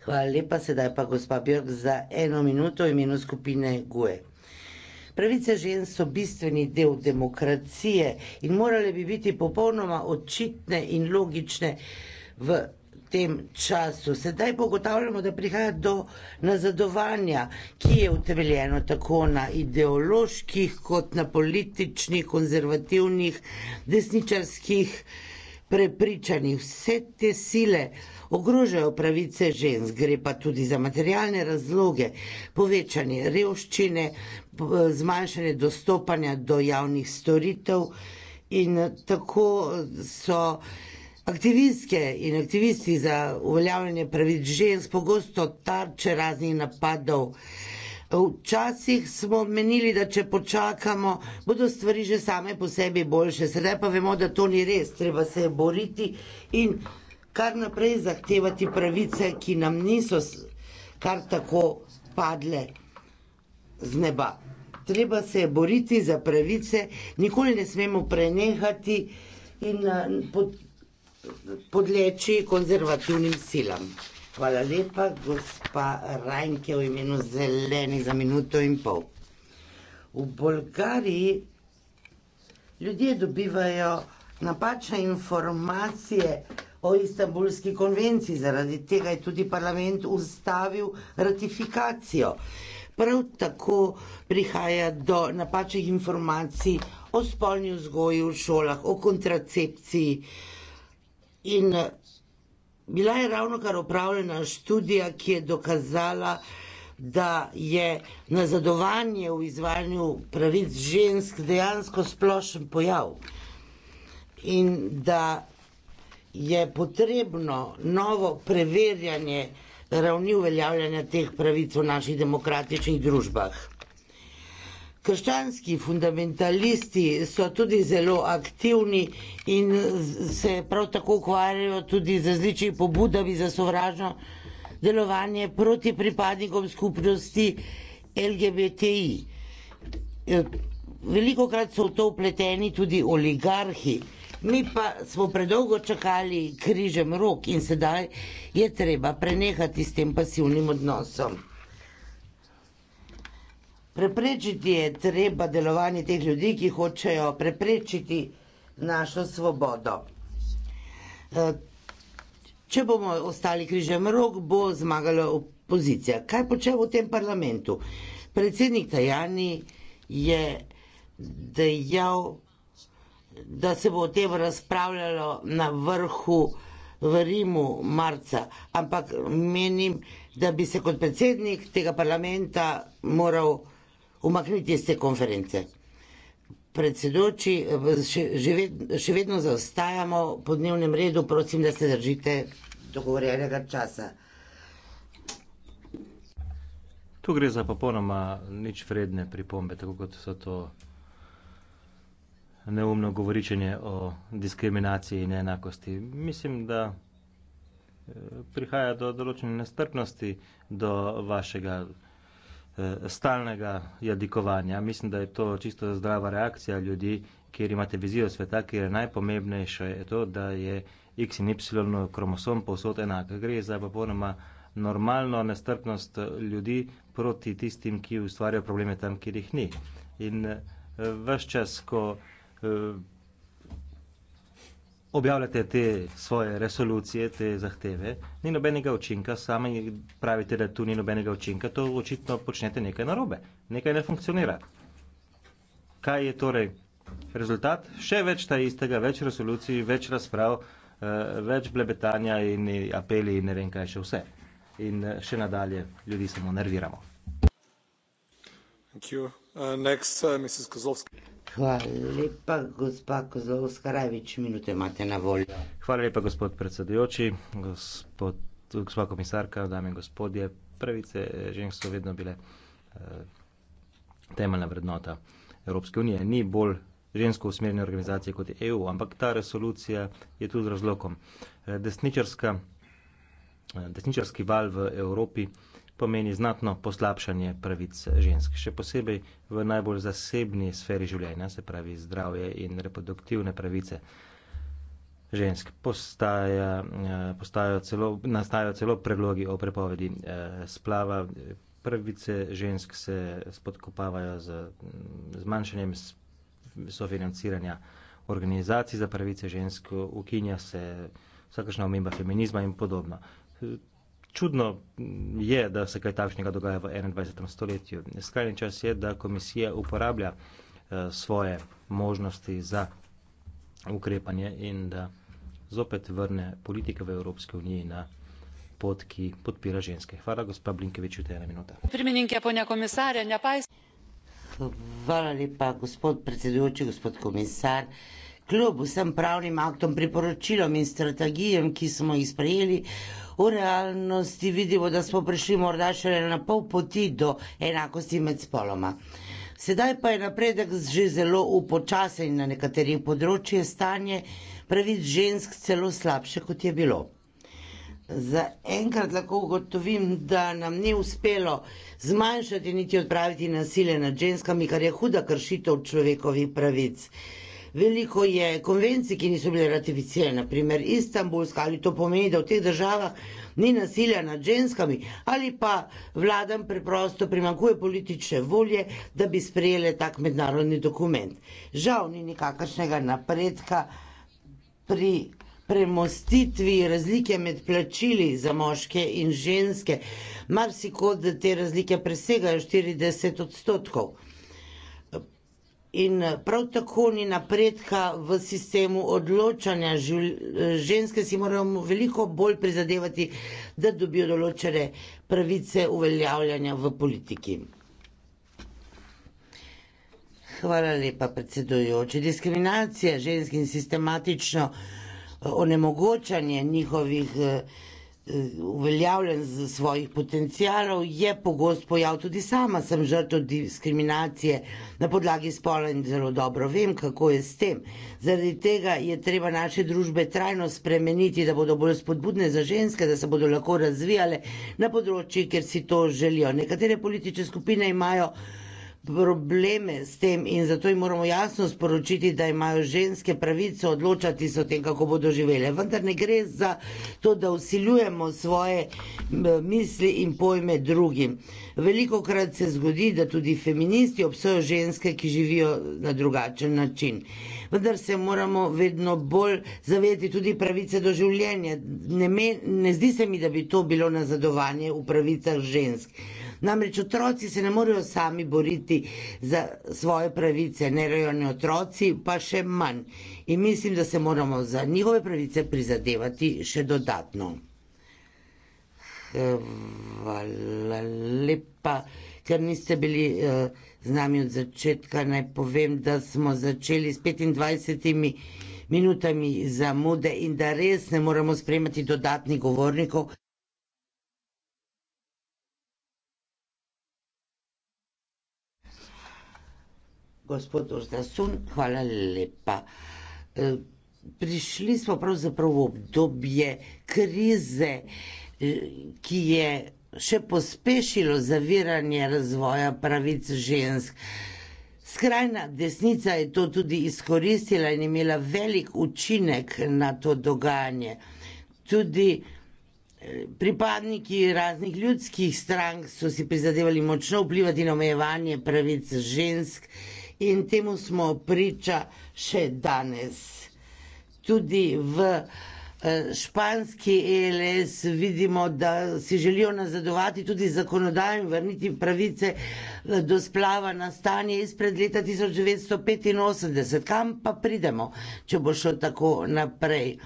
Hvala lepa, sedaj pa gospa Björk za eno minuto v imenu skupine GUE. Pravice žensk so bistveni del demokracije in morale bi biti popolnoma očitne in logične v tem času. Sedaj pa ugotavljamo, da prihaja do nazadovanja, ki je utemeljeno tako na ideoloških kot na političnih, konzervativnih, desničarskih prepričanjih. Vse te sile ogrožajo pravice žensk, gre pa tudi za materialne razloge, povečanje revščine, zmanjšanje dostopanja do javnih storitev in tako so Aktivistke in aktivisti za uveljavljanje pravic žensk pogosto tarče raznih napadov. Včasih smo menili, da če počakamo, bodo stvari že same po sebi boljše, sedaj pa vemo, da to ni res, treba se je boriti in kar naprej zahtevati pravice, ki nam niso kar tako padle z neba. Treba se je boriti za pravice, nikoli ne smemo prenehati in eh, podleči konzervativnim silam. Hvala lepa, gospa Rajnke, v imenu zeleni za minuto in pol. V Bolgariji ljudje dobivajo napačne informacije o istambulski konvenciji, zaradi tega je tudi parlament ustavil ratifikacijo. Prav tako prihaja do napačnih informacij o spolni vzgoji v šolah, o kontracepciji, In eh, bila je ravno kar opravljena študija, ki je dokazala, da je nazadovanje v izvajanju pravic žensk dejansko splošen pojav. In da je potrebno novo preverjanje ravni uveljavljanja teh pravic v naših demokratičnih družbah. Krščanski fundamentalisti so tudi zelo aktivni in se prav tako ukvarjajo tudi z različnimi pobudami za sovražno delovanje proti pripadnikom skupnosti LGBTI. Eh, Veliko krat so v to upleteni tudi oligarhi. Mi pa smo predolgo čakali križem rok in sedaj je treba prenehati s tem pasivnim odnosom. Preprečiti je treba delovanje teh ljudi, ki hočejo preprečiti našo svobodo. E, če bomo ostali križem rok, bo zmagala opozicija. Kaj poče v tem parlamentu? Predsednik Tajani je dejal, da se bo o tem razpravljalo na vrhu v Rimu marca, ampak menim, da bi se kot predsednik tega parlamenta moral vrhu umakniti iz te konference. Predsedujoči, še, še vedno zaostajamo po dnevnem redu, prosim, da se držite dogovorjenega časa. Tu gre za popolnoma nič vredne pripombe, tako kot so to neumno govoričenje o diskriminaciji in neenakosti. Mislim, da eh, prihaja do določene nestrpnosti, do vašega Eh, stalnega jadikovanja. Mislim, da je to čisto zdrava reakcija ljudi, kjer imate vizijo sveta, kjer je najpomembnejše je to, da je X in Y kromosom povsod enak. Gre za popolnoma normalno nestrpnost eh, ljudi proti tistim, ki ustvarjajo probleme tam, kjer jih ni. In eh, vse čas, ko objavljate te svoje resolucije, te zahteve, ni nobenega učinka, sami pravite, da tu ni nobenega učinka, to očitno počnete nekaj narobe, nekaj ne funkcionira. Kaj je torej rezultat? Še več ta istega, več resolucij, več razprav, eh, več blebetanja in eh, apeli in ne vem kaj še vse. In eh, še nadalje ljudi samo nerviramo. Uh, uh, Hvala lepa, gospod predsedujoči, gospod, gospa komisarka, dame in gospodje. Pravice žensk so vedno bile eh, temeljna vrednota Evropske unije. Ni bolj žensko usmerjene organizacije kot EU, e ampak ta resolucija je tudi z razlogom. Eh, desničarska, eh, desničarski val v Evropi pomeni znatno poslabšanje pravic žensk, še posebej v najbolj zasebni sferi življenja, se pravi zdravje in reproduktivne pravice žensk. Postaja, eh, postajo celo, nastajajo celo predlogi o prepovedi eh, splava. Prvice žensk se spodkopavajo z zmanjšanjem sofinanciranja organizacij za pravice žensk, ukinja se vsakašna omemba feminizma in podobno. Čudno mm, je, da se kaj takšnega dogaja v 21. stoletju. Skrajni čas je, da komisija uporablja eh, svoje možnosti za ukrepanje in da zopet vrne politike v Evropske uniji na pot, ki podpira ženske. Hvala, gospa Blinkevič, v te ena minuta. Hvala lepa, gospod predsedujoči, gospod komisar kljub vsem pravnim aktom, priporočilom in strategijem, ki smo jih sprejeli, v realnosti vidimo, da smo prišli morda šele na pol poti do enakosti med spoloma. Sedaj pa je napredek že zelo upočasen na nekaterih področjih stanje pravic žensk celo slabše, kot je bilo. Za enkrat lahko ugotovim, da nam ni uspelo zmanjšati niti odpraviti nasilje nad ženskami, kar je huda kršitev človekovih pravic veliko je konvencij, ki niso bile ratificirane, naprimer Istanbulska, ali to pomeni, da v teh državah ni nasilja nad ženskami, ali pa vladam preprosto primankuje politične volje, da bi sprejele tak mednarodni dokument. Žal ni nikakršnega napredka pri premostitvi razlike med plačili za moške in ženske. Marsikod te razlike presegajo 40 odstotkov. In eh, prav tako ni napredka v sistemu odločanja. Eh, ženske si moramo veliko bolj prizadevati, da dobijo določene pravice uveljavljanja v politiki. Hvala lepa, predsedujoči. Diskriminacija ženskih in sistematično eh, onemogočanje njihovih eh, uveljavljen z svojih potencijalov, je pogost pojav. Tudi sama sem žrtev diskriminacije na podlagi spola in zelo dobro vem, kako je s tem. Zaradi tega je treba naše družbe trajno spremeniti, da bodo bolj spodbudne za ženske, da se bodo lahko razvijale na področjih, kjer si to želijo. Nekatere politične skupine imajo probleme s tem in zato jim moramo jasno sporočiti, da imajo ženske pravico odločati se o tem, kako bodo živele. Vendar ne gre za to, da usiljujemo svoje misli in pojme drugim. Veliko krat se zgodi, da tudi feministi obsojo ženske, ki živijo na drugačen način. Vendar se moramo vedno bolj zavedati tudi pravice do življenja. Ne, me, ne zdi se mi, da bi to bilo nazadovanje v pravicah žensk. Namreč otroci se ne morejo sami boriti za svoje pravice, ne rojeni otroci, pa še manj. In mislim, da se moramo za njihove pravice prizadevati še dodatno. Hvala lepa, ker niste bili eh, z nami od začetka. Naj povem, da smo začeli s 25 minutami zamude in da res ne moremo spremati dodatnih govornikov. gospod Ursasun, hvala lepa. E, prišli smo pravzaprav v obdobje krize, e, ki je še pospešilo zaviranje razvoja pravic žensk. Skrajna desnica je to tudi izkoristila in imela velik učinek na to dogajanje. Tudi e, pripadniki raznih ljudskih strank so si prizadevali močno vplivati na omejevanje pravic žensk in temu smo priča še danes. Tudi v eh, Španski ELS vidimo, da si želijo nazadovati tudi zakonodajo in vrniti pravice eh, do splava na stanje izpred leta 1985. Kam pa pridemo, če bo šlo tako naprej?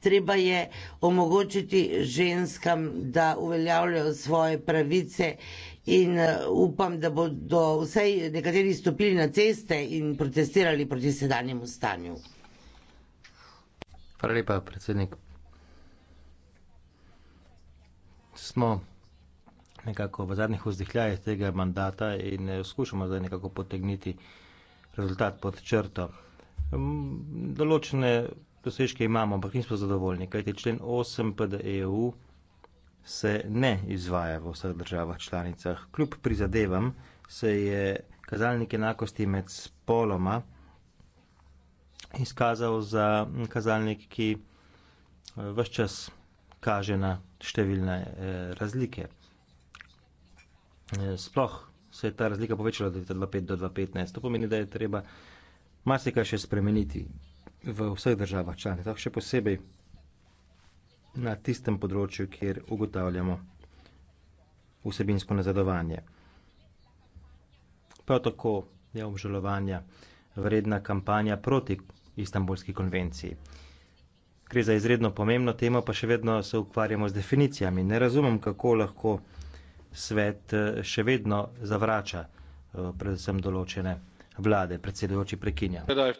Treba je omogočiti ženskam, da uveljavljajo svoje pravice in in eh, upam, da bodo vsaj nekateri stopili na ceste in protestirali proti sedanjemu stanju. Hvala lepa, predsednik. Smo nekako v zadnjih vzdihljajih tega mandata in eh, skušamo zdaj nekako potegniti rezultat pod črto. Določene dosežke imamo, ampak nismo zadovoljni, kajti člen 8 PDEU se ne izvaja v vseh državah članicah. Kljub prizadevam se je kazalnik enakosti med spoloma izkazal za kazalnik, ki eh, vse čas kaže na številne eh, razlike. Eh, sploh se je ta razlika povečala od 2005 do 2015. To pomeni, da je treba marsikaj še spremeniti v vseh državah članicah, še posebej na tistem področju, kjer ugotavljamo vsebinsko nazadovanje. Prav tako je obžalovanja vredna kampanja proti Istanbulski konvenciji. Gre za izredno pomembno temo, pa še vedno se ukvarjamo z definicijami. Ne razumem, kako lahko svet eh, še vedno zavrača eh, predvsem določene vlade predsedujoči prekinja. Torej,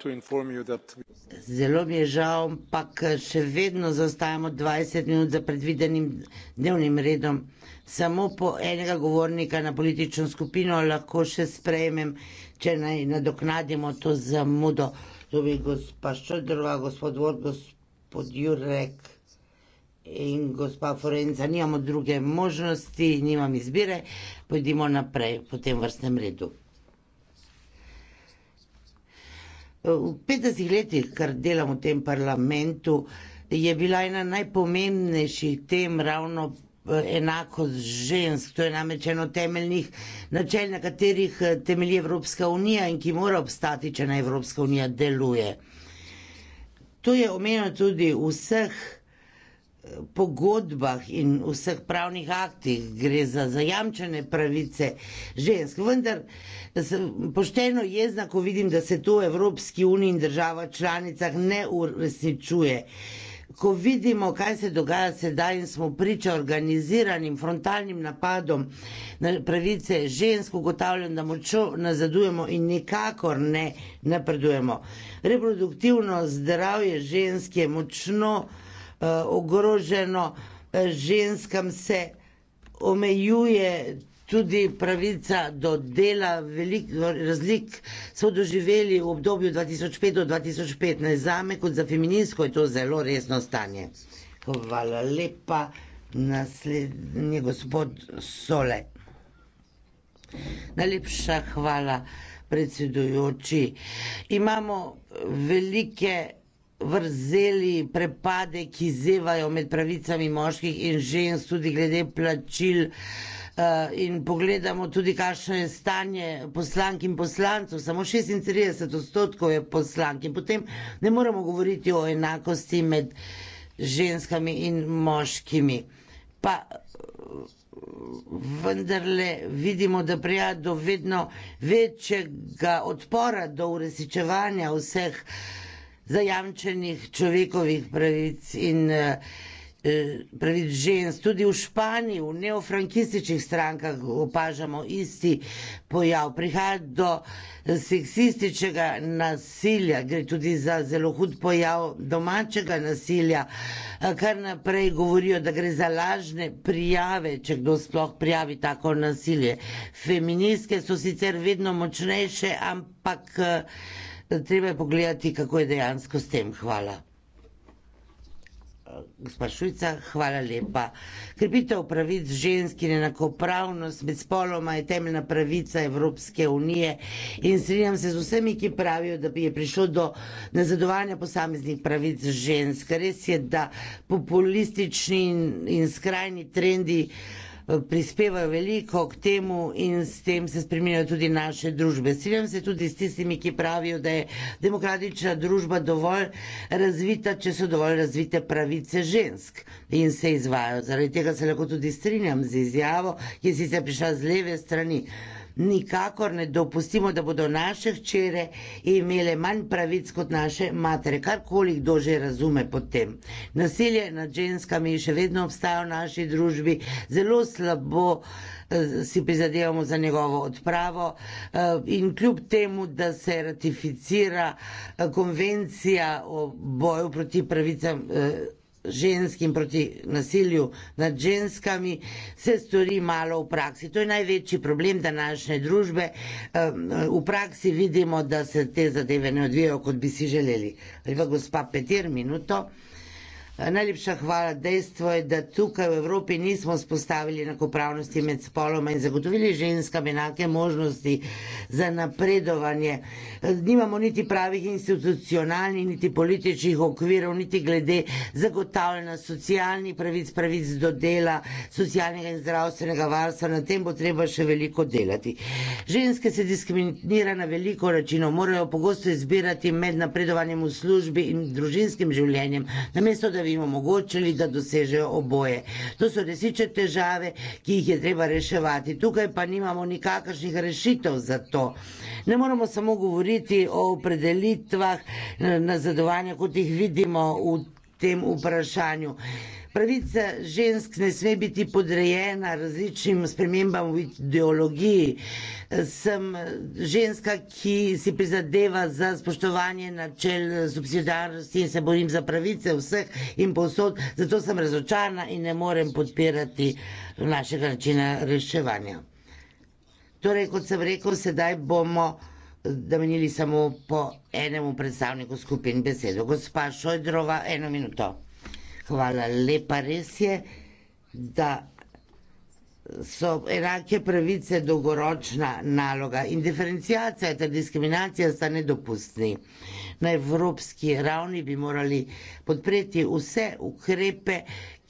Zelo mi je žal, ampak še vedno zastajamo 20 minut za predvidenim dnevnim redom. Samo po enega govornika na politično skupino lahko še sprejmem, če naj nadoknadimo to zamudo. To bi gospa Ščodrova, gospod Vod, gospod Jurek in gospa Forenca. Nimamo druge možnosti, nimam izbire. Pojdimo naprej po tem vrstnem redu. V 50 letih, kar delam v tem parlamentu, je bila ena najpomembnejših tem ravno eh, enakost žensk. To je namreč eno temeljnih načel, na katerih eh, temelji Evropska unija in ki mora obstati, če na Evropska unija deluje. To je omenjeno tudi v vseh pogodbah in vseh pravnih aktih gre za zajamčene pravice žensk. Vendar sem pošteno jezna, ko vidim, da se to v Evropski uniji in država članicah ne uresničuje. Ko vidimo, kaj se dogaja sedaj in smo priča organiziranim frontalnim napadom na pravice žensk, ugotavljam, da močno nazadujemo in nikakor ne napredujemo. Reproduktivno zdravje žensk je močno Eh, ogroženo, eh, ženskam se omejuje tudi pravica do dela, veliko razlik so doživeli v obdobju 2005 do 2015. Za me kot za feminsko je to zelo resno stanje. Hvala lepa, naslednji gospod Sole. Najlepša hvala, predsedujoči. Imamo velike vrzeli, prepade, ki zevajo med pravicami moških in žensk, tudi glede plačil. Eh, in pogledamo tudi, kakšno je stanje poslank in poslancev. Samo 36 odstotkov je poslank in potem ne moremo govoriti o enakosti med ženskami in moškimi. Pa vendarle vidimo, da prija do vedno večjega odpora, do uresničevanja vseh uh, zajamčenih človekovih pravic in eh, eh, pravic žensk. Tudi v Španiji, v neofrankističnih strankah opažamo isti pojav. Prihaja do seksističnega nasilja, gre tudi za zelo hud pojav domačega nasilja. Kar naprej govorijo, da gre za lažne prijave, če kdo sploh prijavi tako nasilje. Feministke so sicer vedno močnejše, ampak eh, Treba je pogledati, kako je dejansko s tem. Hvala. Gospa Šujca, hvala lepa. Krepitev pravic ženski in enakopravnost med spoloma je temeljna pravica Evropske unije in strinjam se z vsemi, ki pravijo, da bi je prišlo do nazadovanja posameznih pravic žensk. Res je, da populistični in, in skrajni trendi uh, prispevajo veliko k temu in s tem se spreminjajo tudi naše družbe. Strinjam se tudi s tistimi, ki pravijo, da je demokratična družba dovolj razvita, če so dovolj razvite pravice žensk in se izvajo. Zaradi tega se lahko tudi strinjam z izjavo, ki je sicer prišla z leve strani nikakor ne dopustimo, da bodo naše hčere imele manj pravic kot naše matere, karkoli kdo že razume pod tem. Nasilje nad ženskami še vedno obstaja v naši družbi, zelo slabo eh, si prizadevamo za njegovo odpravo eh, in kljub temu, da se ratificira eh, konvencija o boju proti pravicam ženskim, proti nasilju nad ženskami, se stori malo v praksi. To je največji problem današnje družbe. V praksi vidimo, da se te zadeve ne odvijajo, kot bi si želeli. Ali pa gospa Petir, minuto. Najlepša hvala. Dejstvo je, da tukaj v Evropi nismo spostavili enakopravnosti med spoloma in zagotovili ženskam enake možnosti za napredovanje. Nimamo niti pravih institucionalnih, niti političnih okvirov, niti glede zagotavljanja socialnih pravic, pravic do dela, socialnega in zdravstvenega varstva. Na tem bo treba še veliko delati. Ženske se diskriminira na veliko načinov, morajo pogosto izbirati med napredovanjem v službi in družinskim življenjem. Namesto, jim omogočili, da dosežejo oboje. To so resnične težave, ki jih je treba reševati. Tukaj pa nimamo nikakršnih rešitev za to. Ne moramo samo govoriti o opredelitvah eh, nazadovanja, kot jih vidimo v tem vprašanju. Pravica žensk ne sme biti podrejena različnim spremembam v ideologiji. Sem ženska, ki si prizadeva za spoštovanje načel subsidarnosti in se borim za pravice vseh in povsod, zato sem razočarna in ne morem podpirati našega načina reševanja. Torej, kot sem rekel, sedaj bomo namenili samo po enemu predstavniku skupin besedo. Gospa Šojdrova, eno minuto. Hvala lepa, res je, da so enake pravice dolgoročna naloga in diferencijacija ter diskriminacija sta nedopustni. Na evropski ravni bi morali podpreti vse ukrepe,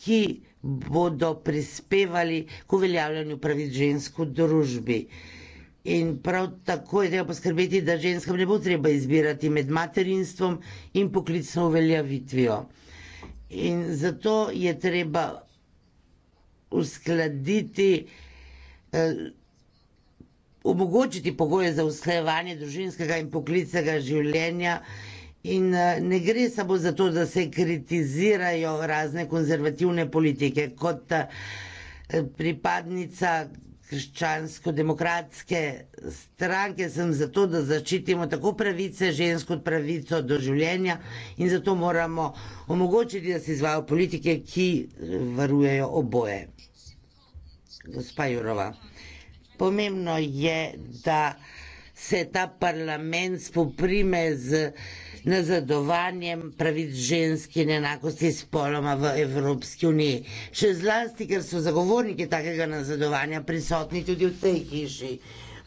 ki bodo prispevali k uveljavljanju pravic žensk v družbi. In prav tako je treba poskrbeti, da ženskam ne bo treba izbirati med materinstvom in poklicno uveljavitvijo in zato je treba uskladiti, eh, omogočiti pogoje za usklajevanje družinskega in poklicnega življenja. In eh, ne gre samo za to, da se kritizirajo razne konzervativne politike, kot eh, pripadnica Hrščansko-demokratske stranke sem zato, da zaščitimo tako pravice žensk kot pravico do življenja in zato moramo omogočiti, da se izvajo politike, ki varujejo oboje. Gospa Jurova, pomembno je, da se ta parlament spoprime z nazadovanjem pravic žensk in enakosti spoloma v Evropski uniji. Še zlasti, ker so zagovorniki takega nazadovanja prisotni tudi v tej hiši.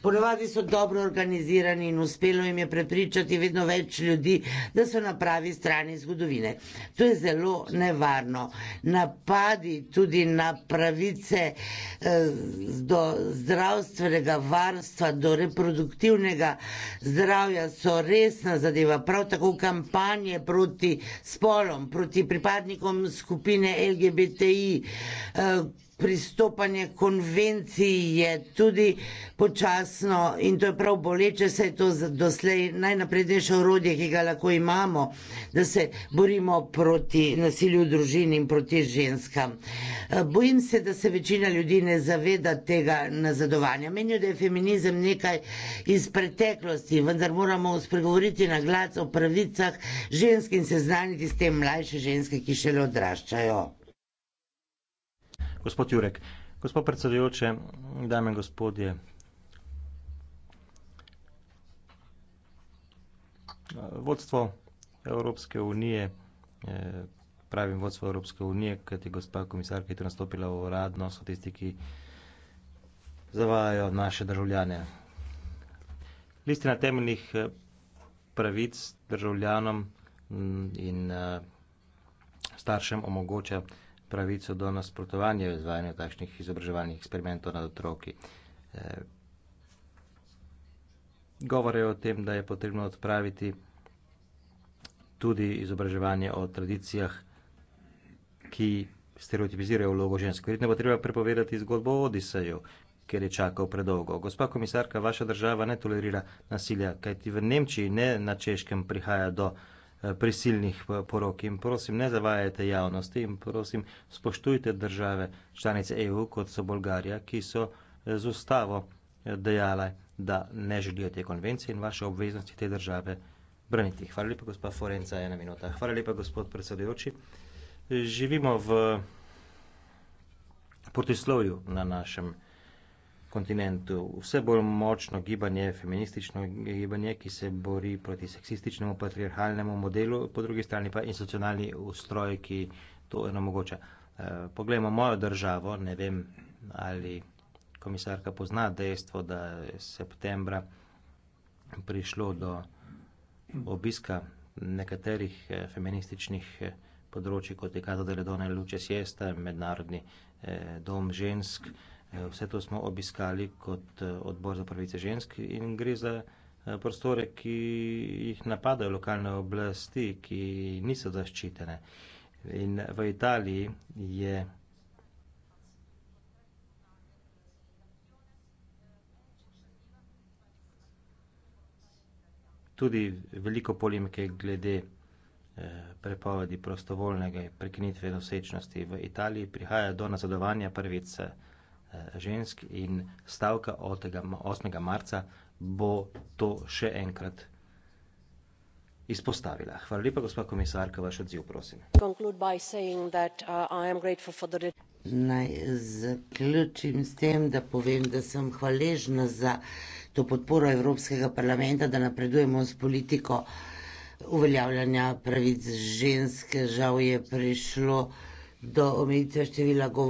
Ponovadi so dobro organizirani in uspelo jim je prepričati vedno več ljudi, da so na pravi strani zgodovine. To je zelo nevarno. Napadi tudi na pravice eh, do zdravstvenega varstva, do reproduktivnega zdravja so resna zadeva. Prav tako kampanje proti spolom, proti pripadnikom skupine LGBTI. Eh, pristopanje konvenciji je tudi počasno in to je prav boleče, saj je to doslej najnaprednejše orodje, ki ga lahko imamo, da se borimo proti nasilju v družini in proti ženskam. Eh, bojim se, da se večina ljudi ne zaveda tega nazadovanja. Menijo, da je feminizem nekaj iz preteklosti, vendar moramo spregovoriti na glas o pravicah žensk in se znaniti s tem mlajše ženske, ki šele odraščajo. Gospod Jurek, gospod predsedujoče, dame in gospodje, vodstvo Evropske unije, eh, pravim vodstvo Evropske unije, kajti gospa komisarka je tu nastopila uradno, so tisti, ki zavajajo naše državljane. Listina temeljnih eh, pravic državljanom mm, in eh, staršem omogoča, pravico do nasprotovanja v izvajanju takšnih izobraževalnih eksperimentov nad otroki. E, govore o tem, da je potrebno odpraviti tudi izobraževanje o tradicijah, ki stereotipizirajo vlogo žensk. Verjetno bo treba prepovedati zgodbo o Odiseju, ker je čakal predolgo. Gospa komisarka, vaša država ne tolerira nasilja, kajti v Nemčiji, ne na Češkem, prihaja do Eh, prisilnih eh, porok in prosim ne zavajajte javnosti in prosim spoštujte države članice EU kot so Bolgarija, ki so eh, z ustavo dejale, da ne želijo te konvencije in vaše obveznosti te države braniti. Hvala lepa, gospod Forenca, ena minuta. Hvala lepa, gospod predsedujoči. Živimo v protislovju na našem kontinentu. Vse bolj močno gibanje, feministično gibanje, ki se bori proti seksističnemu, patriarhalnemu modelu, po drugi strani pa institucionalni ustroj, ki to enomogoča. Eh, poglejmo mojo državo, ne vem, ali komisarka pozna dejstvo, da je septembra prišlo do obiska nekaterih eh, feminističnih eh, področji, kot je Kato Deledone, Luče Siesta, Mednarodni dom žensk, Vse to smo obiskali kot eh, odbor za pravice žensk in gre za eh, prostore, ki jih napadajo lokalne oblasti, ki niso zaščitene. In v Italiji je tudi veliko polemike glede eh, prepovedi prostovoljnega prekinitve nosečnosti. V Italiji prihaja do nazadovanja prvice. Eh, žensk in stavka od 8. marca bo to še enkrat izpostavila. Hvala lepa, gospa komisarka, vaš odziv, prosim. Uh, Naj zaključim s tem, da povem, da sem hvaležna za to podporo Evropskega parlamenta, da napredujemo s politiko uveljavljanja pravic ženske. Žal je prišlo do omejitve števila govorov.